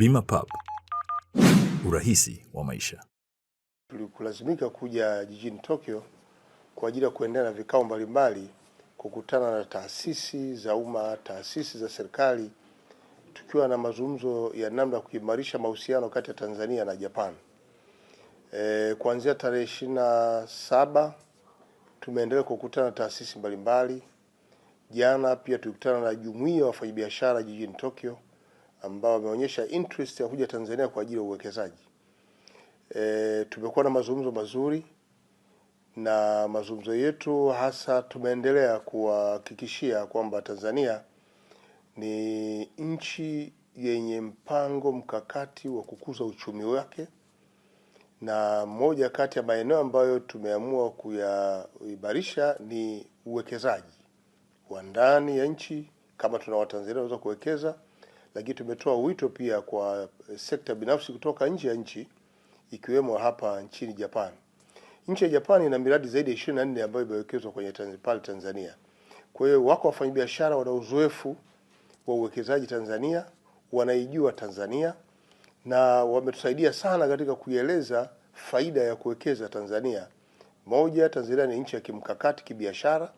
Bima Pub, urahisi wa maisha. Tulikulazimika kuja jijini Tokyo kwa ajili ya kuendelea na vikao mbalimbali, kukutana na taasisi za umma, taasisi za serikali, tukiwa na mazungumzo ya namna ya kuimarisha mahusiano kati ya Tanzania na Japan. E, kuanzia tarehe ishirini na saba tumeendelea kukutana na taasisi mbalimbali. Jana pia tulikutana na jumuiya ya wafanyabiashara jijini Tokyo ambao wameonyesha interest ya kuja Tanzania kwa ajili ya uwekezaji. E, tumekuwa na mazungumzo mazuri na mazungumzo yetu hasa tumeendelea kuhakikishia kwamba Tanzania ni nchi yenye mpango mkakati wa kukuza uchumi wake, na moja kati ya maeneo ambayo tumeamua kuyaibarisha ni uwekezaji wa ndani ya nchi, kama tuna Watanzania wanaweza kuwekeza lakini tumetoa wito pia kwa eh, sekta binafsi kutoka nje ya nchi ikiwemo hapa nchini Japan. Nchi ya Japan ina miradi zaidi ya ishirini na nne ambayo imewekezwa kwenye pale Tanzania. Kwa hiyo wako wafanyabiashara wana uzoefu wa uwekezaji Tanzania, wanaijua Tanzania na wametusaidia sana katika kuieleza faida ya kuwekeza Tanzania. Moja, Tanzania ni nchi ya kimkakati kibiashara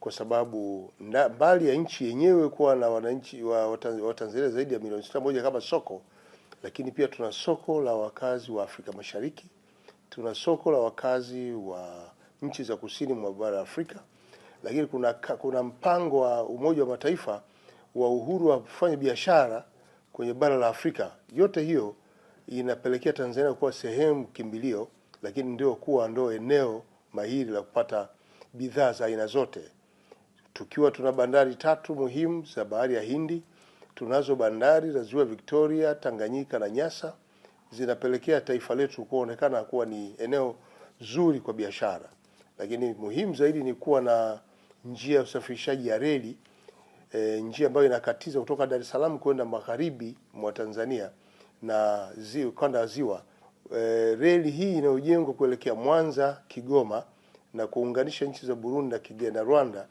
kwa sababu mbali ya nchi yenyewe kuwa na wananchi wa Watanzania zaidi ya milioni sitini na moja kama soko, lakini pia tuna soko la wakazi wa Afrika Mashariki, tuna soko la wakazi wa nchi za kusini mwa bara la Afrika, lakini kuna, kuna mpango wa Umoja wa Mataifa wa uhuru wa kufanya biashara kwenye bara la Afrika. Yote hiyo inapelekea Tanzania kuwa sehemu kimbilio, lakini ndio kuwa ndio eneo mahiri la kupata bidhaa za aina zote tukiwa tuna bandari tatu muhimu za bahari ya Hindi. Tunazo bandari za ziwa Victoria, Tanganyika na Nyasa, zinapelekea taifa letu kuonekana kuwa ni eneo zuri kwa biashara, lakini muhimu zaidi ni kuwa na njia ya usafirishaji ya reli e, njia ambayo inakatiza kutoka Dar es Salaam kwenda magharibi mwa Tanzania na ziwa, kanda ya ziwa e, reli hii inayojengwa kuelekea Mwanza, Kigoma na kuunganisha nchi za Burundi na Rwanda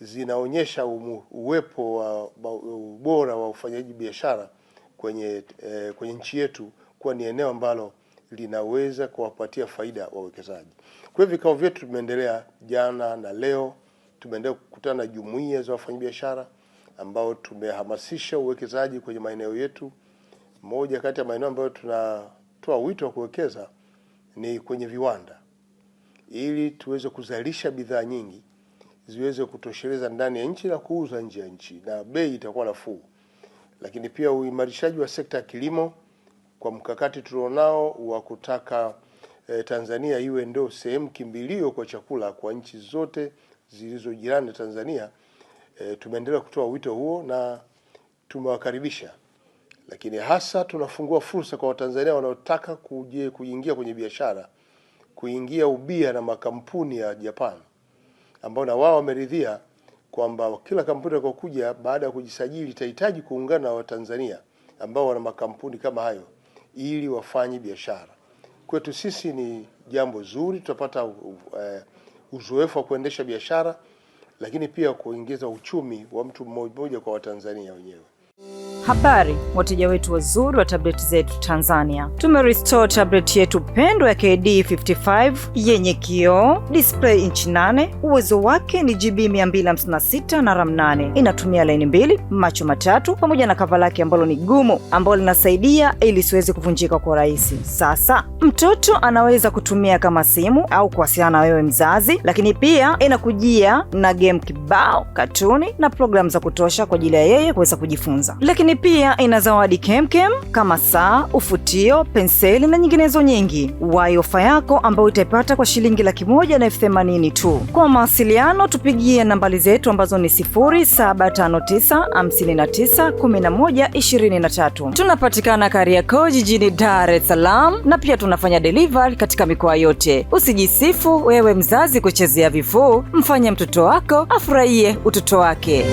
zinaonyesha umu, uwepo wa ubora wa ufanyaji biashara kwenye, e, kwenye nchi yetu kuwa ni eneo ambalo linaweza kuwapatia faida wawekezaji. Kwa hiyo vikao vyetu tumeendelea jana na leo, tumeendelea kukutana na jumuiya za wafanyabiashara ambao tumehamasisha uwekezaji kwenye maeneo yetu. Moja kati ya maeneo ambayo tunatoa wito wa kuwekeza ni kwenye viwanda ili tuweze kuzalisha bidhaa nyingi ziweze kutosheleza ndani ya nchi na kuuza nje ya nchi na bei itakuwa nafuu. Lakini pia uimarishaji wa sekta ya kilimo kwa mkakati tulionao wa kutaka eh, Tanzania iwe ndio sehemu kimbilio kwa chakula kwa nchi zote zilizo jirani na Tanzania. E, tumeendelea kutoa wito huo na tumewakaribisha, lakini hasa tunafungua fursa kwa Watanzania wanaotaka kuingia kwenye biashara, kuingia ubia na makampuni ya Japan ambao na wao wameridhia kwamba kila kampuni itakayokuja baada ya kujisajili itahitaji kuungana na Watanzania ambao wana makampuni kama hayo ili wafanye biashara. Kwetu sisi ni jambo zuri, tutapata e, uzoefu wa kuendesha biashara, lakini pia kuingiza uchumi wa mtu mmoja mmoja kwa Watanzania wenyewe. Habari wateja wetu wazuri wa tableti zetu Tanzania, tumerestore tableti yetu pendwa ya KD55 yenye kioo, display inchi 8, uwezo wake ni GB 256 na RAM 8. Inatumia laini mbili, macho matatu, pamoja na kava lake ambalo ni gumu, ambalo linasaidia ili siweze kuvunjika kwa urahisi. Sasa mtoto anaweza kutumia kama simu au kuwasiliana na wewe mzazi, lakini pia inakujia na game kibao, katuni na programu za kutosha kwa ajili ya yeye kuweza kujifunza lakini lakini pia ina zawadi kemkem kama saa, ufutio, penseli na nyinginezo nyingi. wai ofa yako ambayo utaipata kwa shilingi laki moja na elfu themanini tu. Kwa mawasiliano tupigie nambari zetu ambazo ni 0759591123. Tunapatikana Kariakoo jijini Dar es Salaam na pia tunafanya delivery katika mikoa yote. Usijisifu wewe mzazi kuchezea vifuu, mfanye mtoto wako afurahie utoto wake.